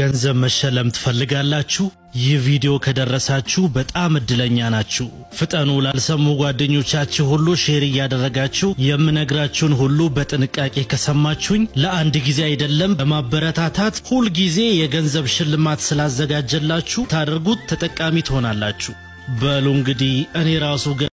ገንዘብ መሸለም ትፈልጋላችሁ? ይህ ቪዲዮ ከደረሳችሁ በጣም እድለኛ ናችሁ። ፍጠኑ! ላልሰሙ ጓደኞቻችሁ ሁሉ ሼር እያደረጋችሁ የምነግራችሁን ሁሉ በጥንቃቄ ከሰማችሁኝ ለአንድ ጊዜ አይደለም በማበረታታት ሁልጊዜ የገንዘብ ሽልማት ስላዘጋጀላችሁ ታደርጉት ተጠቃሚ ትሆናላችሁ። በሉ እንግዲህ እኔ ራሱ